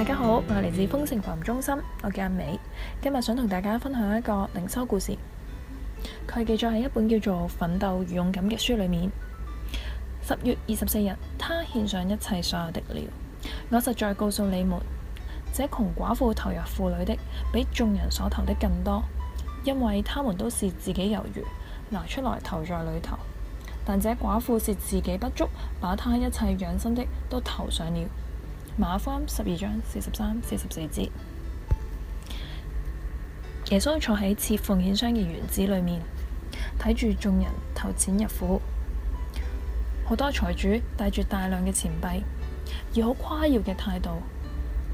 大家好，我係嚟自豐盛服務中心，我叫阿美。今日想同大家分享一個靈修故事，佢記載喺一本叫做《奮鬥與勇敢》嘅書裏面。十月二十四日，她獻上一切所有的了。我實在告訴你們，這窮寡婦投入庫裏的，比眾人所投的更多，因為他們都是自己有餘，拿出來投在裏頭；但這寡婦是自己不足，把她一切養生的都投上了。馬可十二章四十三、四十四節。耶穌坐喺設奉獻箱嘅園子裏面，睇住眾人投錢入庫，好多財主帶住大量嘅錢幣，以好誇耀嘅態度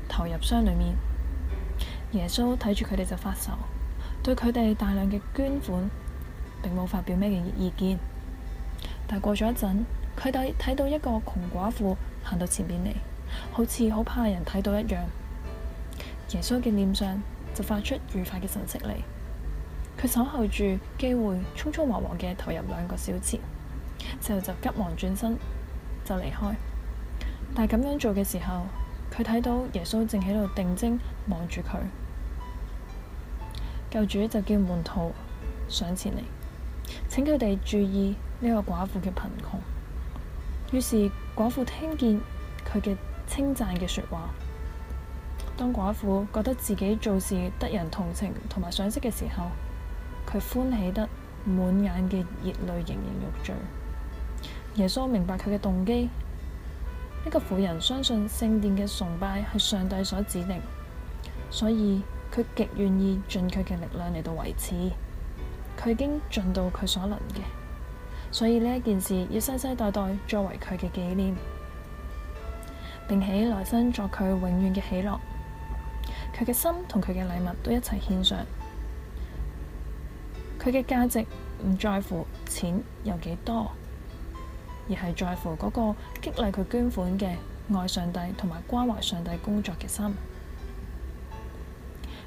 投入箱裏面。耶穌睇住佢哋就發愁，對佢哋大量嘅捐款並冇發表咩嘅意見。但係過咗一陣，佢哋睇到一個窮寡婦行到前邊嚟。好似好怕人睇到一樣，耶穌嘅臉上就發出愉快嘅神色嚟。佢守候住機會，匆匆忙忙嘅投入兩個小錢，之後就急忙轉身就離開。但係咁樣做嘅時候，佢睇到耶穌正喺度定睛望住佢。救主就叫門徒上前嚟，請佢哋注意呢個寡婦嘅貧窮。於是寡婦聽見佢嘅。稱讚嘅說話。當寡婦覺得自己做事得人同情同埋賞識嘅時候，佢歡喜得滿眼嘅熱淚盈盈欲墜。耶穌明白佢嘅動機。一、這個婦人相信聖殿嘅崇拜係上帝所指定，所以佢極願意盡佢嘅力量嚟到維持。佢已經盡到佢所能嘅，所以呢一件事要世世代代作為佢嘅紀念。並起來生作佢永遠嘅喜樂，佢嘅心同佢嘅禮物都一齊獻上。佢嘅價值唔在乎錢有幾多，而係在乎嗰個激勵佢捐款嘅愛上帝同埋關懷上帝工作嘅心。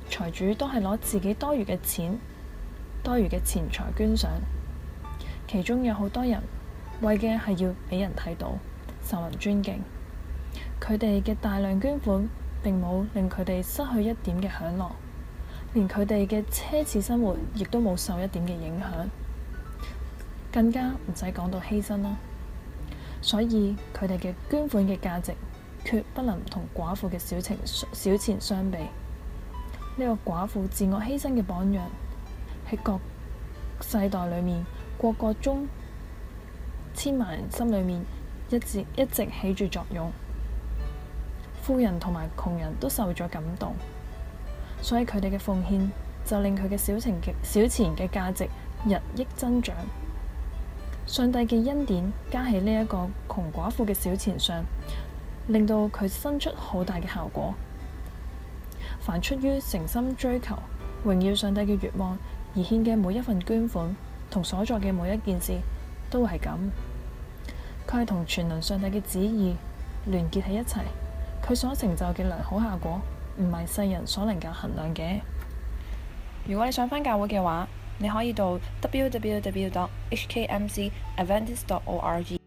財主都係攞自己多餘嘅錢，多餘嘅錢財捐上，其中有好多人為嘅係要俾人睇到受人尊敬。佢哋嘅大量捐款，並冇令佢哋失去一點嘅享樂，連佢哋嘅奢侈生活亦都冇受一點嘅影響，更加唔使講到犧牲啦。所以佢哋嘅捐款嘅價值，決不能同寡婦嘅小情小錢相比。呢、這個寡婦自我犧牲嘅榜樣，喺各世代裏面，各國中千萬人心裏面一直一直起住作用。富人同埋窮人都受咗感動，所以佢哋嘅奉獻就令佢嘅小情嘅小錢嘅價值日益增長。上帝嘅恩典加喺呢一個窮寡婦嘅小錢上，令到佢生出好大嘅效果。凡出於誠心追求榮耀上帝嘅願望而獻嘅每一份捐款同所做嘅每一件事，都係咁，佢係同全能上帝嘅旨意聯結喺一齊。佢所成就嘅良好效果，唔係世人所能夠衡量嘅。如果你想返教會嘅話，你可以到 www.hkmcadventist.org i。